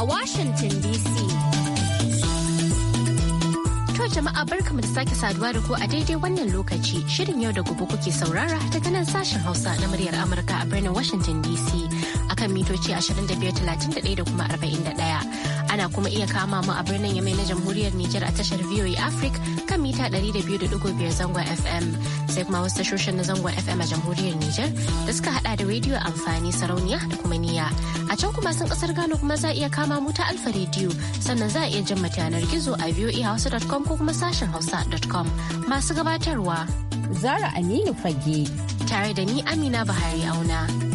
a Washington DC. To jama'a barkamu da sake saduwa da ku a daidai wannan lokaci shirin yau da gobe kuke saurara daga nan sashen Hausa na muryar Amurka a birnin Washington DC akan mitoci 2531 da kuma 41. Ana kuma iya kama mu a birnin Yamai na Jamhuriyar Nijar a tashar VOA Africa kan mita 200.5 zangon FM. Sai kuma wasu tashoshin na zangon FM a Jamhuriyar Nijar da suka hada da rediyo amfani sarauniya da kuma niya. A can kuma sun kasar Ghana kuma za iya kama mu ta Alfa rediyo sannan za a iya jin yanar gizo a com ko kuma sashen hausa.com. Masu gabatarwa. Zara Aminu Fage. Tare da ni Amina Bahari Auna.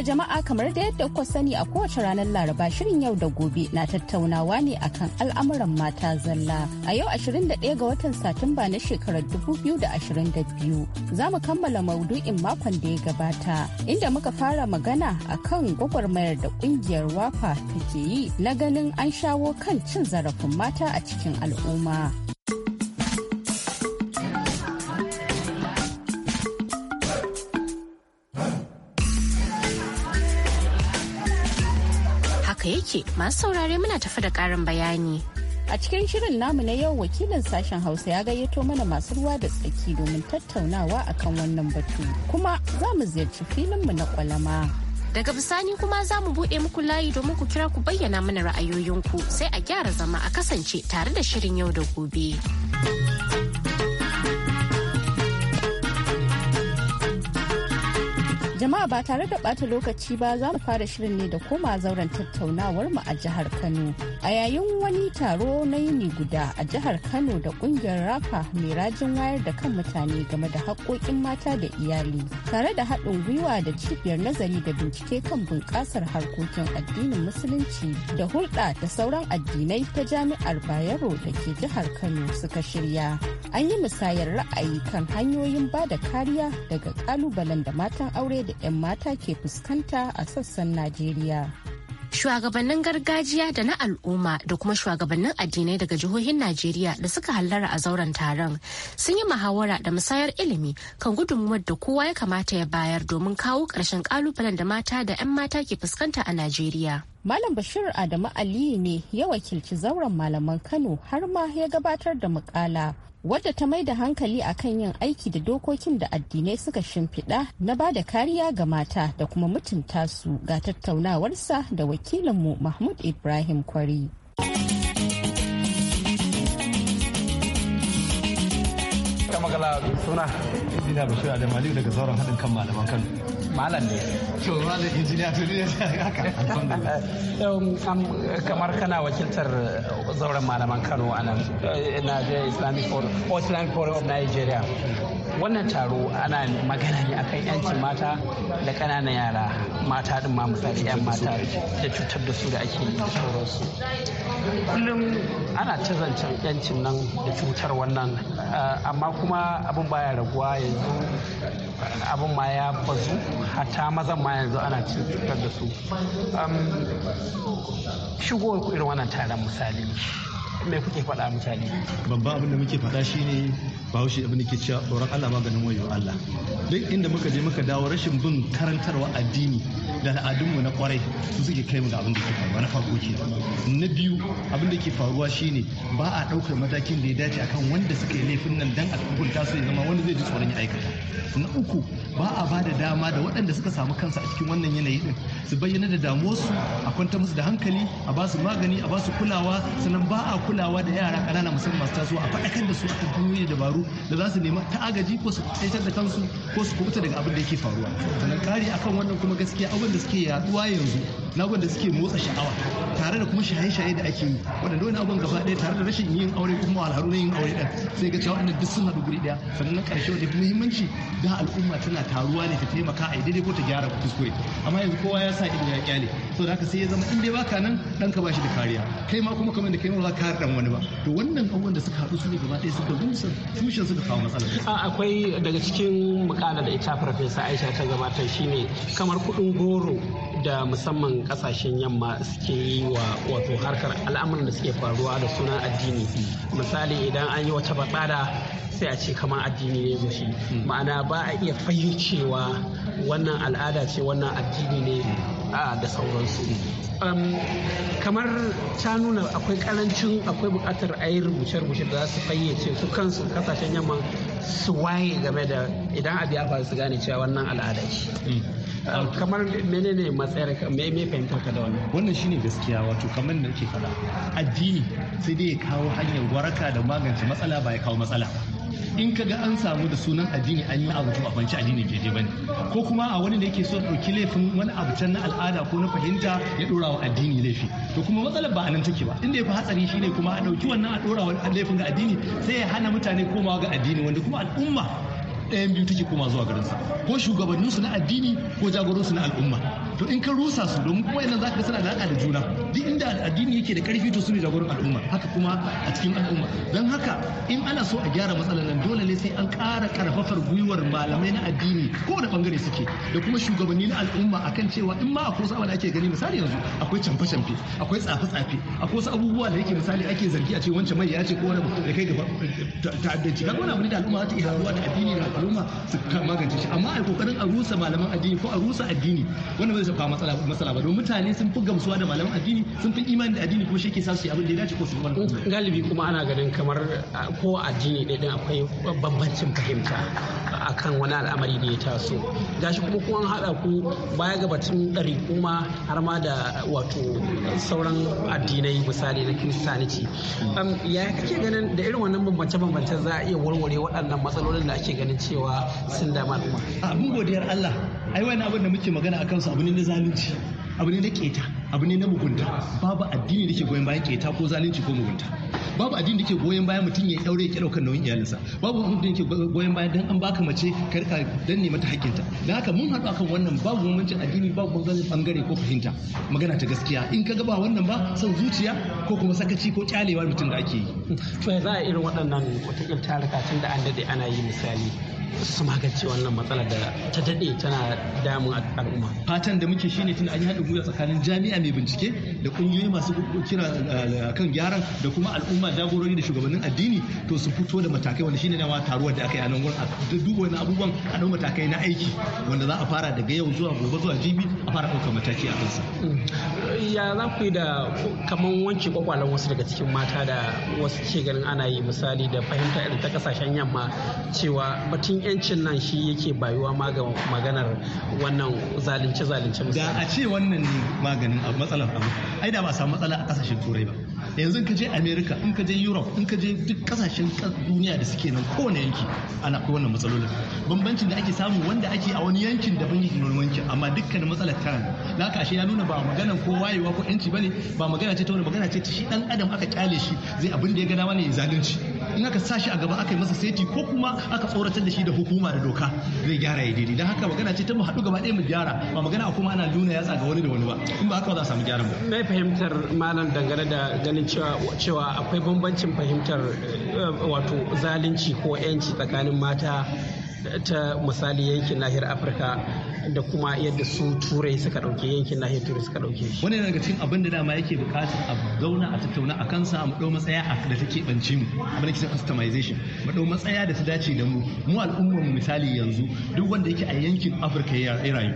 To jama'a kamar da yadda kuka sani a kowace ranar Laraba shirin yau da gobe na tattaunawa ne akan al'amuran mata zalla. A yau 21 ga watan Satumba na shekarar 2022 za mu kammala maudu'in makon da ya gabata inda muka fara magana akan gwagwarmayar da kungiyar wafa take yi na ganin an shawo kan cin zarafin mata a cikin al'umma. yake masu saurare muna tafi da karin bayani. A cikin shirin namu na yau wakilin sashen Hausa ya gayyato mana masu ruwa da tsaki domin tattaunawa akan wannan batu. Kuma za mu ziyarci filinmu na kwalama. Daga bisani kuma za mu buɗe muku layi domin ku kira ku bayyana mana ra'ayoyinku sai a gyara zama a kasance tare da shirin yau da gobe. Jama'a ba tare da ɓata lokaci ba za mu fara shirin ne da koma zauren tattaunawar mu a jihar Kano. A yayin wani taro na yini guda a jihar Kano da kungiyar Rafa mai rajin wayar da kan mutane game da haƙoƙin mata da iyali tare da haɗin gwiwa da cibiyar nazari da bincike kan bunƙasar harkokin addinin musulunci da hulɗa da sauran addinai ta jami'ar Bayero da ke jihar Kano suka shirya. An yi musayar ra'ayi kan hanyoyin ba da kariya daga ƙalubalen da matan aure da 'yan mata ke fuskanta a sassan Najeriya. Shugabannin gargajiya da na al'umma da kuma shugabannin addinai daga jihohin Najeriya da suka hallara a zauren taron sun yi muhawara da musayar ilimi kan gudunmuwar da kowa ya kamata ya bayar domin kawo ƙarshen ƙalubalen da mata da 'yan mata ke fuskanta a Najeriya. Malam Bashir Adamu Aliyu ne ya wakilci zauren malaman Kano har ma ya gabatar da mukala wadda ta mai da hankali akan yin aiki da dokokin da addinai suka shimfiɗa na ba da kariya ga mata da kuma mutunta su ga tattaunawarsa da wakilinmu Mahmud Ibrahim Kwari. Kamala suna Bashir Adamu Ali daga zauren haɗin kan malaman Kano. malam ne injiniya to ne haka kamar kana wakiltar uh, zauren malaman Kano a nan eh, na Islamic Forum oh, Islamic Forum of Nigeria wannan taro ana magana ne akan yancin mata da ƙananan yara mata din ma misali yan mata da cutar da su da ake yi su kullum ana ta zancen yancin nan da cutar wannan uh, amma kuma abin baya raguwa yanzu abin ma ya bazu hata mazan ma yanzu ana cutar da su shigowar irin wannan taron misali me kuke faɗa mutane babban abin da muke faɗa shine shi abin da ke cewa tsoron Allah maganin wayo Allah duk inda muka je muka dawo rashin bin karantarwa addini da al'adunmu na kwarai su suke kai mu da abin da ke faruwa na farko ke na biyu abin da ke faruwa shine ba a ɗaukar matakin da ya dace akan wanda suka yi laifin nan dan a hukunta su ya zama wanda zai ji tsoron ya aikata na uku ba a ba da dama da waɗanda suka samu kansa a cikin wannan yanayi din su bayyana da damuwarsu a kwanta musu da hankali a ba su magani a ba su kulawa sannan ba a kulawa da yara kanana musamman masu tasowa a faɗakar da su akan hanyoyi da dabaru da za su nema ta agaji ko su aitar da kansu ko su kubuta daga abin da yake faruwa sannan kari akan wannan kuma gaskiya abin da suke yaduwa yanzu na da suke motsa sha'awa da kuma shaye-shaye da ake yi wanda dole abin gaba ɗaya tare da rashin yin aure kuma alharu na yin aure ɗin sai ga cewa wannan duk sun haɗu guri ɗaya sannan na ƙarshe wanda muhimmanci da al'umma tana taruwa ne ta taimaka a daidai ko ta gyara kuskure amma yanzu kowa ya sa ido ya kyale so da haka sai ya zama in dai baka nan ɗanka ka bashi da kariya kai ma kuma kamar da kai ma ba ka ɗan wani ba to wannan abubuwan da suka haɗu su ne gaba ɗaya suka rusa tushen suka kawo matsala. akwai daga cikin mukalar da ita farfesa aisha ta gabatar shine kamar kuɗin goro da musamman kasashen yamma suke yi wa wato harkar al'amuran da suke faruwa da sunan addini misali idan an yi wata batsada sai a ce kamar addini ne mushi ma'ana ba a iya fahimcewa wannan al'ada ce wannan addini ne a da sauransu kamar ta nuna akwai karancin akwai bukatar a yi rubuce-rubuce da za su fayyace su kansu kasashen yamma su waye game da idan abu ya faru su gane cewa wannan al'ada ce hmm. um, kamar menene matsayar me me fahimtar ka da wannan wannan shine gaskiya wato kamar da nake faɗa addini sai dai ya kawo hanyar waraka da magance matsala ba ya kawo matsala ba in kaga an samu da sunan addini an yi abu to a banci addini ke daidai bane ko kuma a wani da yake so ɗauki laifin wani abu can na al'ada ko na fahimta ya ɗorawa wa addini laifi to kuma matsalar ba a nan take ba inda ya fi hatsari shine kuma a ɗauki wannan a dora wa laifin ga addini sai ya hana mutane komawa ga addini wanda kuma al'umma ɗayan biyu take koma zuwa garinsa ko shugabanninsu na addini ko jagoransu na al'umma to in ka rusa su domin kuma yanzu zaka suna alaka da juna duk inda addini yake da karfi to su ne jagoran al'umma haka kuma a cikin al'umma don haka in ana so a gyara matsalar nan dole ne sai an ƙara karfafar gwiwar malamai na addini ko da bangare suke da kuma shugabanni na al'umma akan cewa in ma akwai wasu da ake gani misali yanzu akwai canfa canfe akwai tsafe-tsafe akwai wasu abubuwa da yake misali ake zargi a ce wancan mai ya ce ko wani da kai gaba ta'addanci kaga wani abu da al'umma ta iya haruwa da addini da al'umma su magance shi amma a kokarin a rusa malaman addini ko a rusa addini wanda zai kawo matsala ba don mutane sun fi gamsuwa da malaman addini sun fi imani da addini kuma shi ke sa su abin da ya dace ko su galibi kuma ana ganin kamar ko addini ɗaya akwai bambancin fahimta akan wani al'amari da ya taso gashi kuma kuma haɗa ku baya ga batun ɗari kuma har ma da wato sauran addinai misali na kiristaniti ya kake ganin da irin wannan bambance-bambance za a iya warware waɗannan matsalolin da ake ganin cewa sun dama al'umma abin godiyar Allah ai wani abin da muke magana akan su abu ne na zalunci abu ne na keta abu ne na mugunta babu addini da ke goyon bayan keta ko zalunci ko mugunta babu addini da ke goyon bayan mutum ya daure ya daukan nauyin iyalinsa babu addini da ke goyon bayan dan an baka mace ka rika danne mata hakinta da haka mun haɗu akan wannan babu bambancin addini babu bambancin bangare ko fahimta magana ta gaskiya in ka gaba ba wannan ba son zuciya ko kuma sakaci ko kyalewa mutum da ake yi to za a irin waɗannan wata taruka tun da an dade ana yi misali su magance wannan matsalar da ta daɗe tana damun al'umma. Fatan da muke shine tun an yi haɗin gwiwa tsakanin jami'a mai bincike da ƙungiyoyi masu kira eh, kan gyaran da kuma al'umma jagorori da shugabannin addini to su fito da matakai wanda shine nawa taruwar da aka yi a nan gurin a duba wani abubuwan a ɗau matakai na aiki wanda za a fara daga yau zuwa gobe zuwa jibi a fara ɗaukar mataki a kansa. Mm. ya za ku yi da kaman wanke kwakwalen wasu daga cikin mata da wasu ke ganin ana yi misali da fahimta irin ta kasashen yamma cewa batun yancin nan shi yake bayuwa ma maganar wannan zalunce zalunce da a ce wannan ne maganin matsalar abu ai da ba samu matsala a kasashen turai ba yanzu ka je america in ka je europe in ka je duk kasashen duniya da suke nan kowane yanki ana akwai wannan matsalolin bambancin da ake samu wanda ake a wani yankin da yake wani wankin amma dukkanin matsalar tana da haka ashe ya nuna ba maganan ko wayewa ko yanci bane ba magana ce ta wani magana ce ta shi dan adam aka kyale shi zai abin da ya ga dama ne zalunci in aka sa shi a gaba aka yi masa seti ko kuma aka tsoratar da shi da hukuma da doka zai gyara ya daidai don haka magana ce ta mu haɗu gaba ɗaya mu gyara ba magana a kuma ana nuna yatsa ga wani da wani ba in ba haka ba za a samu gyaran ba. Mai fahimtar malam dangane da ganin cewa akwai bambancin fahimtar eh, wato zalunci ko 'yanci tsakanin mata ta misali yankin nahiyar afirka da kuma yadda su turai suka ɗauke yankin nahiyar turai suka ɗauke shi wani daga cikin abin da dama yake bukatar a zauna a tattauna a kansa a maɗau matsaya a da ke ɓance mu abin da kisa customization maɗau matsaya da ta dace da mu mu al'ummar mu misali yanzu duk wanda yake a yankin afirka ya rayu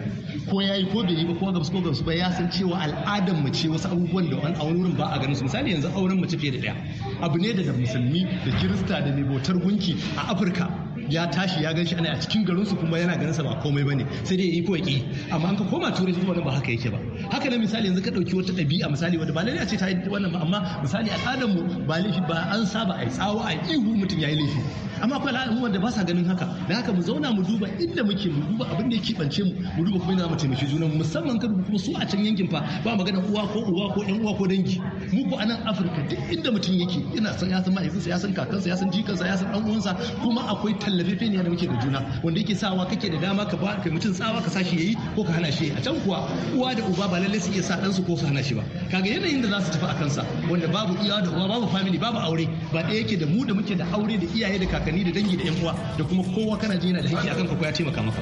ko ya yi ko bai yi ba ko gamsu ko gamsu ba ya san cewa al'adar mu ce wasu abubuwan da a wani wurin ba a ganin su misali yanzu auren mace fiye da ɗaya abu ne daga musulmi da kirista da mai bautar gunki a afirka ya tashi ya gan shi ana a cikin garin su kuma yana ganin sa ba komai bane sai dai iko yi amma an ka koma turai kuma ba haka yake ba haka ne misali yanzu ka dauki wata ɗabi'a misali wanda ba lalle a ce ta yi wannan ba amma misali al'adar mu ba laifi ba an saba a tsawo a ihu mutum ya yi laifi amma akwai al'adar mu wanda ba sa ganin haka da haka mu zauna mu duba inda muke mu duba abin da ya bance mu mu duba kuma yana mu taimaki juna musamman kan kuma su a can yankin fa ba magana uwa ko uwa ko ɗan uwa ko dangi mu a nan afirka duk inda mutum yake ina san ya san mahaifinsa ya san kakansa ya san jikansa ya san dan uwansa kuma akwai tallafe ne da muke da juna wanda yake sawa kake da dama ka ba ka mutum tsawa ka sashi yayi ko ka hana shi a can kuwa uwa da uba ba lalle su iya sa ɗansu ko su hana shi ba kaga yanayin da za su tafi a kansa wanda babu iyawa da uwa babu family babu aure ba ɗaya yake da mu da muke da aure da iyaye da kakanni da dangi da yan uwa da kuma kowa kana ji yana da haƙƙi akan ka ko ya taimaka maka.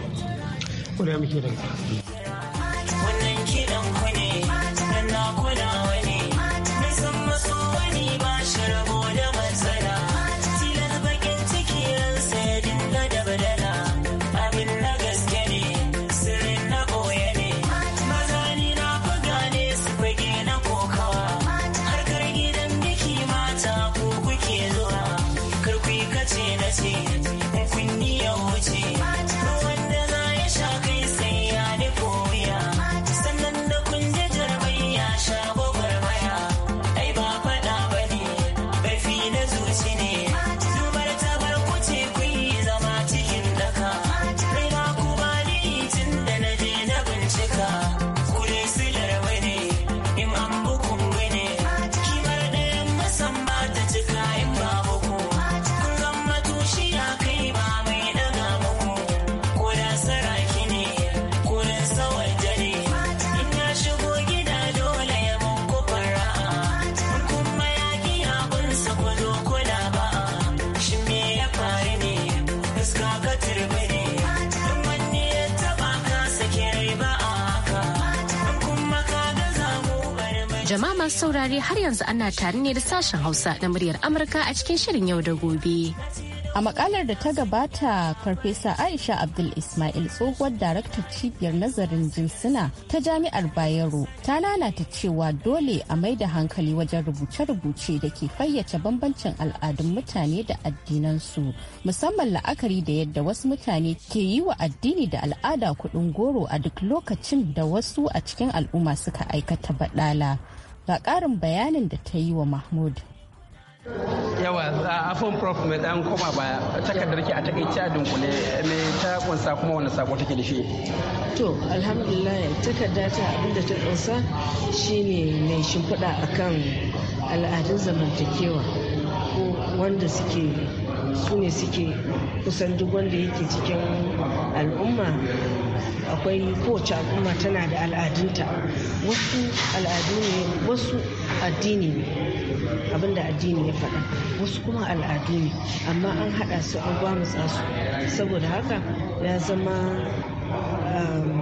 da muke da Jama'a masu saurare har yanzu ana tare ne da sashen Hausa na muryar Amurka a cikin shirin yau da gobe. A makalar da ta gabata, Farfesa Aisha Abdul Ismail tsohuwar daraktar cibiyar nazarin jinsuna ta jami'ar Bayero ta lalata cewa dole a mai da hankali wajen rubuce-rubuce da ke fayyace bambancin al'adun mutane da addinansu, musamman la'akari da yadda wasu mutane ke yi wa addini da al'ada kuɗin goro a duk lokacin da wasu a cikin al'umma suka aikata baɗala. ga ƙarin bayanin da ta yi wa mahmud yawa a afon prof mai dan koma baya takardar ki a takaice a dunkule ne ta kunsa kuma wani sako take da shi to alhamdulillah takarda ta abinda ta kunsa shine mai shimfiɗa akan al'adun zamantakewa ko wanda suke su ne suke kusan duk wanda yake cikin al'umma akwai kowace al'umma tana da al'adunta wasu al'adu ne wasu addini ne abinda addini ya faɗa wasu kuma al'adu ne amma an haɗa su an gwamutsa su saboda haka ya zama um,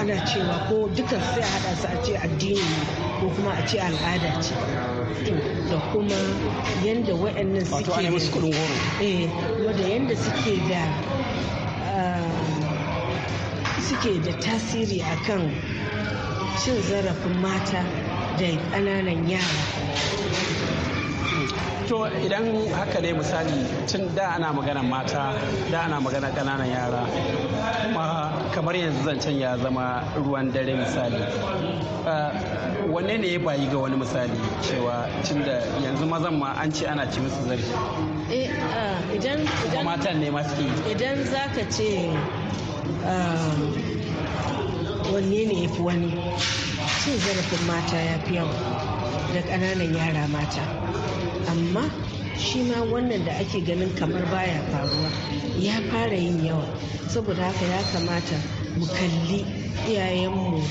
ana cewa ko dukkan sai a haɗa su a ce addini ne ko kuma a ce al'ada ce da kuma yadda waɗannan suke eh, da yadda suke da suke da tasiri akan cin zarafin mata da ƙananan yara to idan haka dai misali tun da ana magana mata da ana magana ƙananan yara kuma kamar yanzu zancen ya zama ruwan dare misali ah, wanne ne ya bayi ga wani misali cewa tun da yanzu mazan ma an ce ana ci musu zarfi eh, ah, idan matan ne ce Um, wanne ne ya fi wani cin zarafin mata ya fi yawa da ƙananan yara mata amma shi ma wannan da ake ganin kamar baya faruwa ya fara yin yawa saboda haka ya kamata mu kalli iyayenmu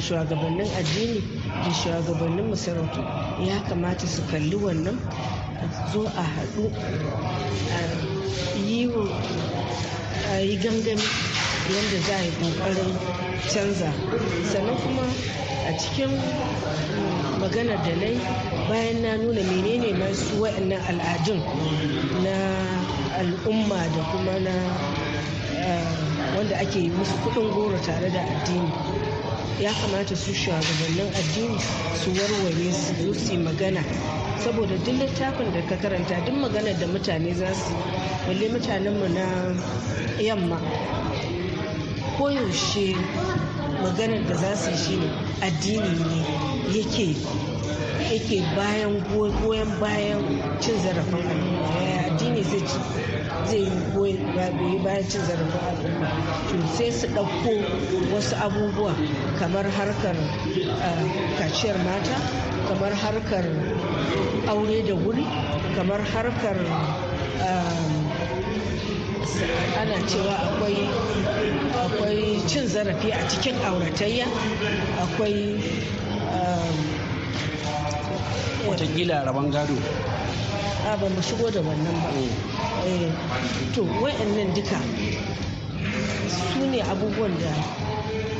shugabannin addini da shugabannin masarautu ya kamata su kalli wannan zo a haɗu a yi a yi gangami yadda za a yi kokarin canza sannan kuma a cikin mm, maganar da nai bayan na nuna menene masu wa'annan al'adun na al'umma da kuma na eh, wanda ake yi musu kudin goro tare da addini ya kamata su shugabannin addini su warware su magana saboda duk littafin da ka karanta duk maganar da mutane za su balle mutanenmu na yamma koyaushe maganar da za su yi shi addini ne yake yake bayan goyon bayan cin zarafin al'umma yaya addini zai ci zai goyi bayan cin zarafin al'umma to sai su ɗauko wasu abubuwa kamar harkar eh, kaciyar mata kamar harkar aure da wuri kamar harkar um, ana cewa akwai akwai cin zarafi a cikin auratayya akwai um, watakila rabon gado a ba mu shigo da wannan ba mm. eh, to wa'annan duka su ne abubuwan da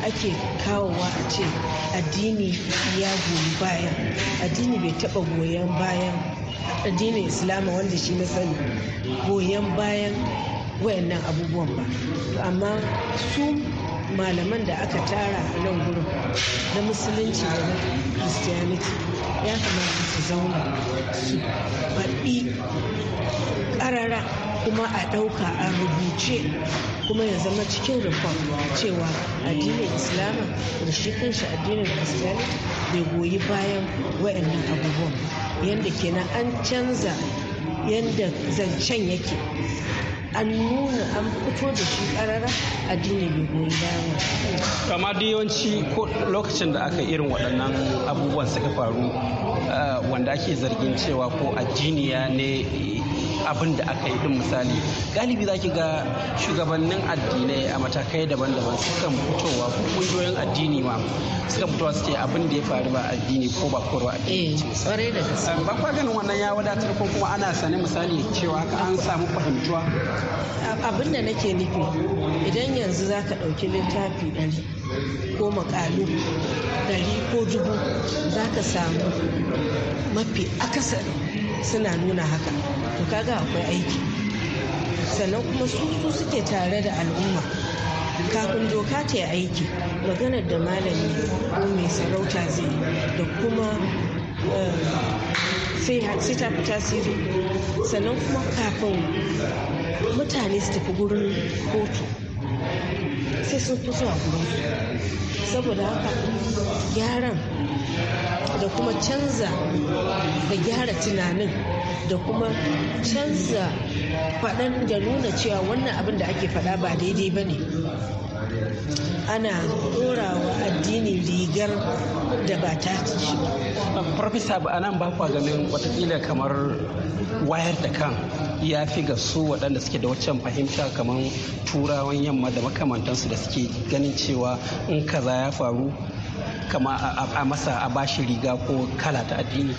ake kawowa a ce addini ya goyi bayan addini bai taba goyon bayan addinin islamu wanda shi na sani goyon bayan wayannan abubuwan ba amma su malaman da aka tara a nan gurin na musulunci da na christianity ya kamata su zauna su faɗi ƙarara kuma a ɗauka a rubuce kuma ya zama cikin reform cewa addinin islamu da shi kanshi addinin christianity bai goyi bayan wa'annan abubuwan yadda kenan an canza yadda zancen yake an nuna an fito da shi karara dini mai goyi bayan kama da yawanci ko lokacin da aka irin waɗannan abubuwan suka faru eh, wanda ake zargin cewa ko addiniya ne abin da aka yi din misali galibi za ki ga shugabannin addinai a matakai daban-daban sukan fitowa ko kungiyoyin addini ma sukan fitowa suke abin da ya faru ba addini ko ba korwa addini eh, eh, ba kwa ganin wannan ya wadatar ko kuma ana sane misali cewa ka an samu fahimtuwa abin da nake nufi idan yanzu za ka ɗauki littafi ɗari ko makalu ɗari ko dubu za ka samu mafi akasari suna nuna haka to kaga akwai aiki sannan kuma su suke tare da al'umma kafin doka ta yi aiki maganar da malami ko mai sarauta zai da kuma eh, sai ta fi tasiri sannan kuma kafin mutane su tafi gurin kotu sai sun fi zuwa gurin saboda haka gyaran da kuma canza da gyara tunanin da kuma canza faɗan da nuna cewa wannan abin da ake faɗa ba daidai ba ne ana ɗorawa addini rigar da ba ta ci Farfisa ba anan ba kwa ganin watakila kamar wayar da kan ya fi ga su waɗanda suke da waccan fahimta kamar turawan yamma da makamantansu da suke ganin cewa in kaza ya faru kama a masa a bashi riga ko kala ta addini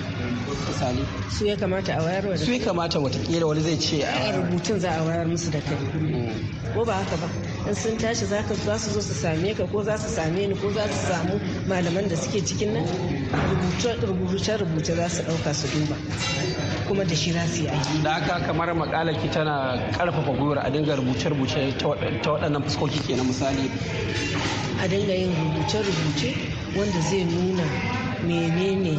misali su ya kamata a wayar su ya kamata watakila wani zai ce a rubutun za a wayar musu da kai mm. ko ba haka ba in sun tashi za su zo su same ka ko za su same ni ko za su samu malaman da suke cikin nan rubuce-rubuce za su ɗauka su duba kuma da shi za su yi aiki. Da haka kamar makalar ki tana karfafa gwiwar a dinga rubuce-rubuce ta waɗannan fuskoki kenan misali. A dinga yin rubuce-rubuce wanda zai nuna menene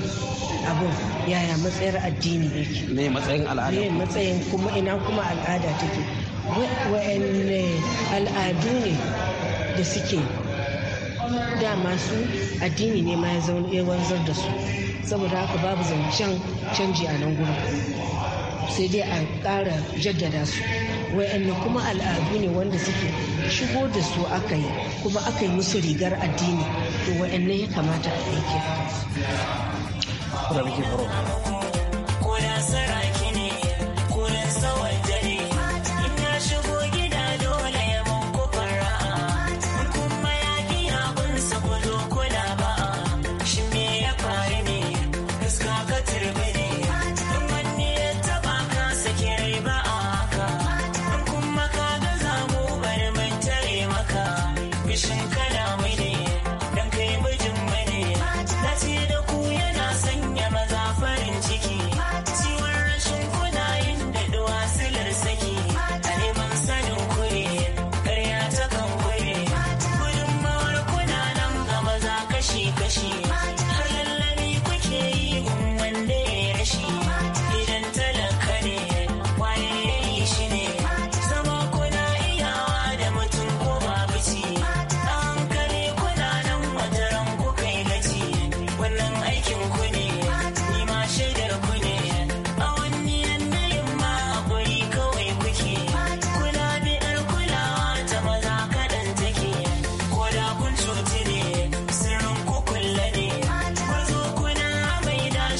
abin yaya matsayar addini yake. Me matsayin al'ada. Me matsayin kuma ina kuma al'ada take. wa'anne al'adu ne da suke dama su addini ne ma ya wanzar da su saboda haka babu zancen canji a nan gudu sai dai a ƙara jaddada su wa'anne kuma al'adu ne wanda suke shigo da su aka yi kuma aka yi musu rigar addini to wa'anne ya kamata a aiki.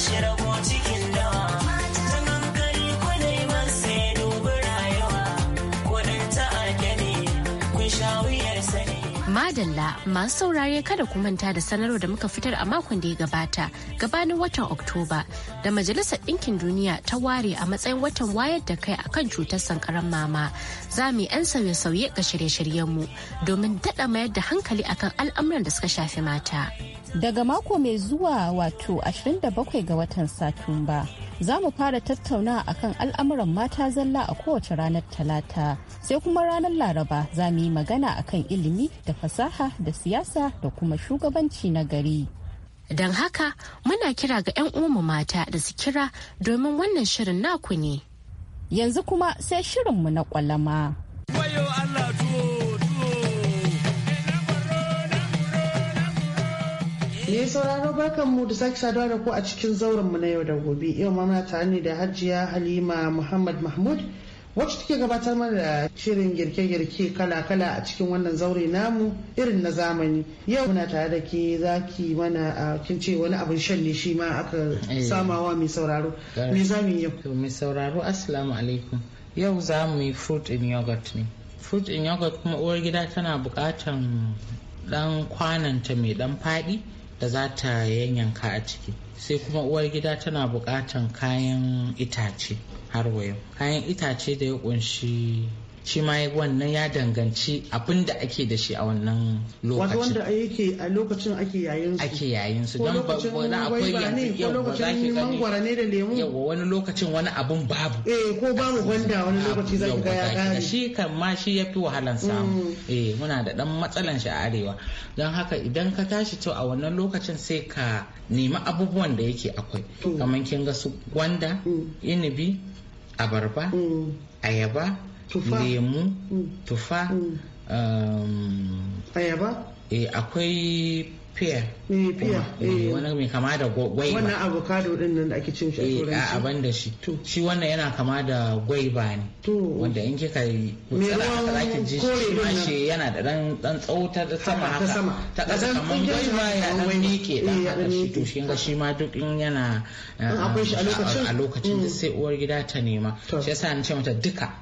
shit over. adalla masu saurare kada ku manta da sanarwar da muka fitar a makon da ya gabata gabanin watan Oktoba da Majalisar Ɗinkin Duniya ta ware a matsayin watan wayar da kai akan cutar sankaran mama. Za mu yi 'yan sauye-sauye ga shirye-shiryenmu domin daɗa mayar da hankali akan al'amuran da suka shafi mata. Daga mako mai zuwa wato 27 ga watan Satumba. za mu fara tattauna akan al'amuran mata zalla a kowace ranar talata sai kuma ranar laraba za mu yi magana akan ilimi da fasaha da siyasa da kuma shugabanci na gari don haka muna kira ga 'yan uwanmu mata da su kira domin wannan shirin naku ne yanzu kuma sai shirinmu na kwalama. Me sauraro barkanmu mu da sake saduwa da ku a cikin zauren mu na yau da gobe. Yau ma muna tare ne da Hajiya Halima Muhammad Mahmud wacce take gabatar mana da shirin girke-girke kala-kala a cikin wannan zaure namu irin na zamani. Yau muna tare da ke zaki mana a kin ce wani abin shan ne shi ma aka eh. samawa mai sauraro. Me za mu yau? mai sauraro Assalamu alaikum. Yau za mu yi fruit in yogurt ne. Fruit in yogurt kuma uwar gida tana bukatan dan kwananta mai dan fadi. da za ta yanyanka a ciki sai kuma uwar gida tana buƙatan kayan itace har wayo kayan itace da ya ƙunshi shi ma wannan ya danganci abin da ake da shi a wannan lokacin wanda yake a lokacin ake yayin su ake yayin su don ba wani akwai yanzu yau ba za ki gani da lemu yau wani lokacin wani abun babu eh ko babu gwanda wani lokaci za ki ga ya kare shi kan ma shi yafi wahalan samu mm. eh muna da dan matsalan shi a arewa don haka idan ka tashi to a wannan lokacin sai ka nemi abubuwan da yake akwai mm. kamar kin ga su gwanda mm. inibi abarba ayaba lemu mm. tufa mm. Um, ayaba eh, akwai pear eh, eh. wani mai kama da ba wannan avocado din nan da ake cin shi a turanci a ban da shi shi wannan yana kama da gwaiba ne wanda in kika yi kutsara a zaki ji shi ma shi yana da dan dan tsauta da sama haka ta kasa kaman gwaiba ya dan mike da haka shi to shi ga shi ma duk in yana akwai shi a lokacin a lokacin mm. da sai uwar gida ta nema shi yasa an ce mata duka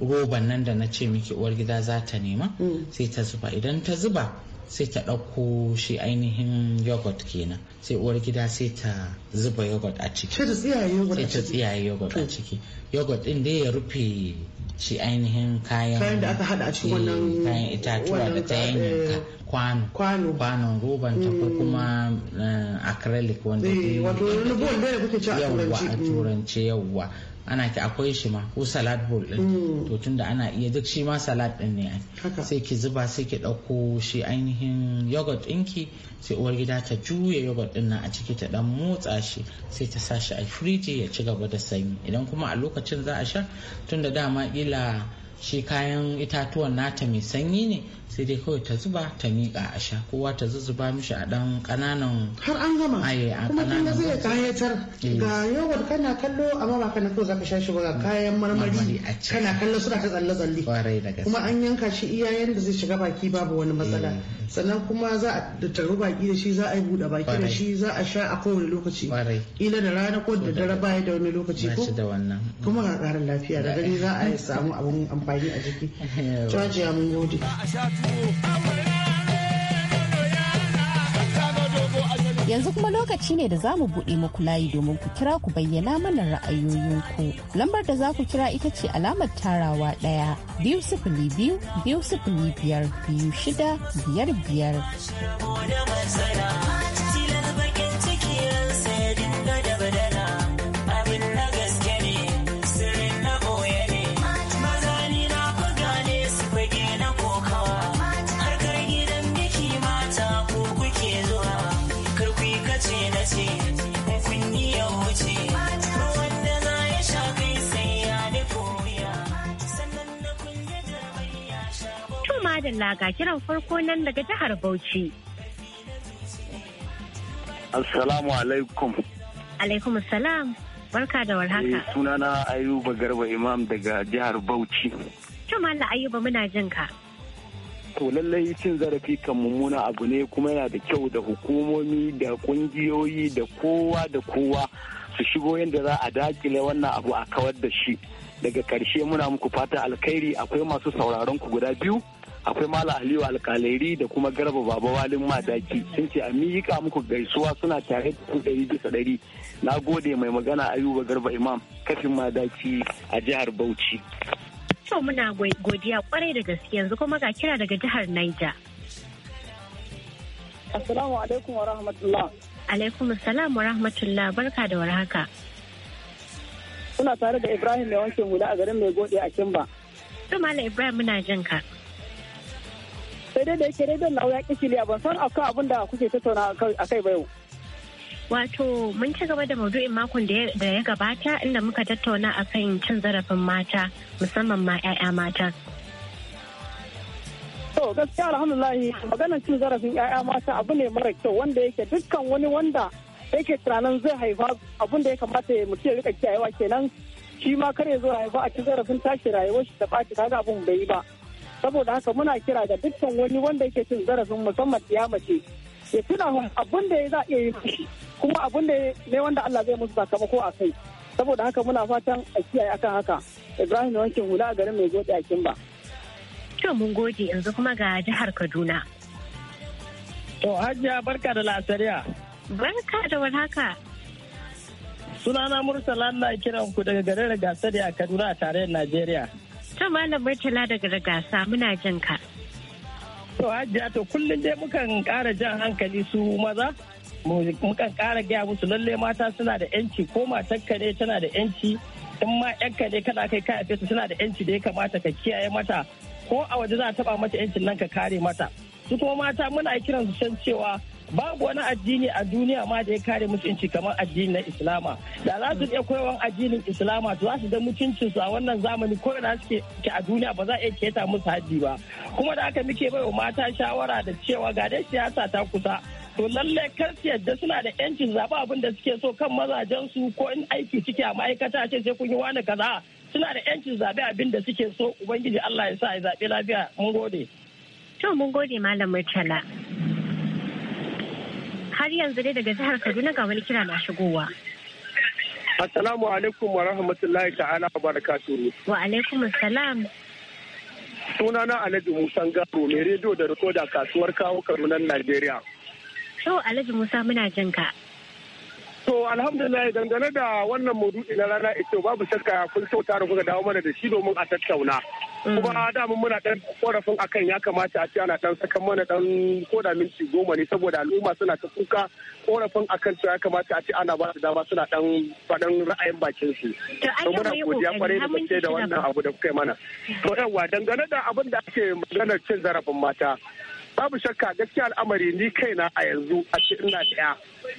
roban nan da na ce miki uwar gida za ta nema mm. sai ta zuba idan ta zuba sai ta ɗauko shi ainihin yogurt kenan sai uwar gida sai ta zuba yogurt a ciki sai ta tsiyaye yogurt a ciki yogurt din dai ya rufe shi ainihin kayan kayan da aka hada a cikin wannan kayan itatuwa da ta yanyanka eh, kwano kwanon roban ta ko mm. kuma eh, acrylic wanda eh, wato wani bon da kuke ci a turanci mm. yawwa ana ki akwai shi ma ko salad bowl din mm. to tunda ana iya duk shi ma salad din ne sai ki zuba sai ki dauko shi ainihin yogurt ɗinki sai uwar gida ta juya yogurt din nan a ciki ta dan motsa shi sai ta sa shi a firiji ya ci gaba da sanyi idan kuma a lokacin za a sha tunda dama kila shi kayan itatuwan nata mai sanyi ne sai dai kawai ta zuba ta miƙa a sha kowa ta zuzzuba mishi a ɗan ƙananan har an gama aye a kuma kin zai kayatar eh. ga yogurt kana kallo amma ba kana kawai zaka sha shi ba kayan marmari kana kallo suna ta tsalle tsalle kuma an yanka shi iya yanda zai shiga baki babu wani matsala eh, eh. sannan kuma za a taru baki da shi za a yi buɗe baki da shi za a sha a kowane lokaci ila da rana ko da dare baya da wani lokaci ko kuma ga ƙarin lafiya da gani za a samu abun amfani amfani a jiki ya mun gode yanzu kuma lokaci ne da za mu buɗe muku layi domin ku kira ku bayyana mana ra'ayoyinku lambar da za ku kira ita ce alamar tarawa ɗaya biyu sifili biyu biyu sifili biyar biyu shida biyar biyar Allah ga kiran farko nan daga jihar Bauchi. Assalamu alaikum. Alaikum salam. Barka da warhaka. Eh, sunana Ayuba Garba Imam daga jihar Bauchi. Cuma Allah Ayuba muna jin ka. to lallai cin zarafi kan mummuna abu ne kuma yana da kyau da hukumomi da kungiyoyi da kowa da kowa su shigo yadda za a dakile wannan abu a kawar da shi daga ƙarshe muna muku fata alkhairi akwai masu sauraron ku guda biyu akwai mala aliyu alkaleri da kuma garba baba walin madaki sun ce a miƙa muku gaisuwa suna tare da ku ɗari bisa ɗari na gode mai magana ayuba garba imam kafin madaki a jihar bauchi to muna godiya kwarai da gaske yanzu kuma ga kira daga jihar Niger. Assalamu alaikum wa rahmatullah. Alaikum assalam wa rahmatullah barka da warhaka. Suna tare da Ibrahim mai wanke hula a garin mai gode a Kimba. Malam Ibrahim muna jin ka. sai dai da yake rediyon na ya shirya ban san akwai abin da kuke tattauna a kai ba yau. Wato mun ci gaba da maudu'in makon da ya gabata inda muka tattauna akan cin zarafin mata musamman ma 'ya'ya mata. To gaskiya alhamdulillah maganar cin zarafin 'ya'ya mata abu ne mara kyau wanda yake dukkan wani wanda yake tunanin zai haifa abun da ya kamata ya mutu ya rika kiyayewa kenan shi ma kar ya zo haifa a cin zarafin tashi rayuwar shi ta ɓaci kaga abun bai yi ba. saboda haka muna kira ga dukkan wani wanda yake cin zarafin musamman ya mace ya tuna abin da za iya yi mishi kuma abin da ne wanda Allah zai musu sakamako a kai saboda haka muna fatan a kiyaye akan haka Ibrahim wankin hula a garin mai gode a Kimba to mun gode yanzu kuma ga jihar Kaduna to Hajiya barka da lasariya barka da warhaka sunana Murtala na kiran ku daga garin gasar a Kaduna a tarayyar Najeriya To Malam tala daga ragasa muna jin ka. To Hajiya to kullum dai mukan kara jan hankali su maza mukan ƙara gaya musu lalle mata suna da yanci ko matarka ne tana da yanci in ma yanka ne kana kai ka su suna da yanci da ya kamata ka kiyaye mata ko a waje za a taba mata yancin nan ka kare mata. Su kuma mata muna kiransu su san cewa babu wani addini a duniya ma da ya kare mutunci kamar addini na islama da za su iya koyawan addinin islama to za su da mutuncin su a wannan zamani ko da suke ke a duniya ba za a iya keta musu haddi ba kuma da haka muke bai wa mata shawara da cewa ga dai siyasa ta kusa to lallai kar su yadda suna da yancin zaɓa abin da suke so kan mazajen su ko in aiki suke a ma'aikata ce sai kun yi wani kaza suna da yancin zaɓe abin da suke so ubangiji Allah ya sa ya zaɓi lafiya mun gode. To mun gode malam Murtala. har yanzu dai daga jihar kaduna ga wani kira na shigowa assalamu alaikum wa rahmatullahi ta'ala wa barakatuhu wa alaikum assalam na alhaji Musa garo mai rediyo da rikoda kasuwar kawo Kaduna najeriya Yau, alhaji musa muna jin ka To alhamdulillah dangane da wannan maudu'i na rana ito babu shakka kun kyauta da kuka dawo mana da shi domin a tattauna. Mm. Kuma damun muna dan korafin akan ya kamata a ce ana dan sakan mana dan koda minti goma ne saboda al'umma suna ta kuka korafin akan cewa ya kamata a ce ana ba su dama suna dan faɗan ra'ayin bakin su. To muna godiya kwarai da gaske da wannan abu da kuka yi mana. To yawa dangane da abin da ake maganar cin zarafin mata. babu shakka gaskiya al'amari ni kaina a yanzu a ce ina daya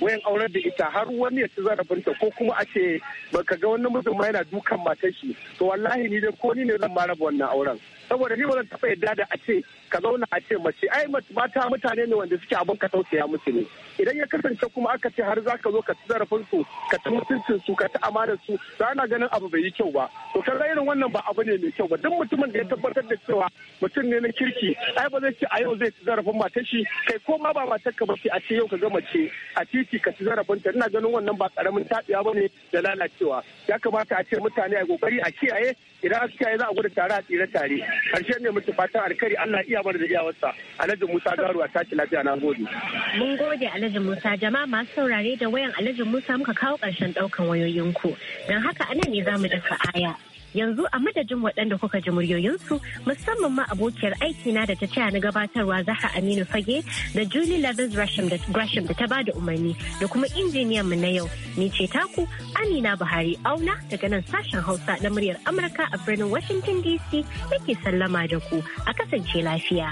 wayan aurar da ita har wani ya ci zarafinta ko kuma a ce baka ga wani mutum yana dukan matar shi to wallahi ni dai ko ni ne zan ma raba wannan auren saboda ni ba zan taɓa yadda da a ce ka zauna a ce mace ai mata mutane ne wanda suke abin ka tausaya musu ne idan ya kasance kuma aka ce har za ka zo ka ci zarafin su ka ci mutuncin su ka ci amanar su za na ganin abu bai yi kyau ba to kan irin wannan ba abu ne mai kyau ba duk mutumin da ya tabbatar da cewa mutum ne na kirki ai ba zai ce a yau zai zarafin matar shi kai ko ma ba matar ka bace a ce yau ka ga mace a titi ka ci zarafin ta ina ganin wannan ba karamin tabiya bane da lalacewa ya kamata a ce mutane a kokari a kiyaye idan aka kiyaye za a gudu tare a tsira tare karshen ne mutu fatan alkari Allah iya mana da iyawarsa Alhaji Musa garu a tashi lafiya na gode mun gode Alhaji Musa jama'a masu saurare da wayan Alhaji Musa muka kawo karshen daukan wayoyinku don haka anan ne zamu dafa aya yanzu a madadin waɗanda kuka ji muryoyinsu musamman ma abokiyar aiki na da ta taya na gabatarwa Zaha aminu fage da julie lavis gresham da ta bada umarni da kuma injiniyan mu na yau ni ce taku amina buhari auna daga nan sashen hausa na muryar amurka a birnin washington dc yake sallama da ku a kasance lafiya.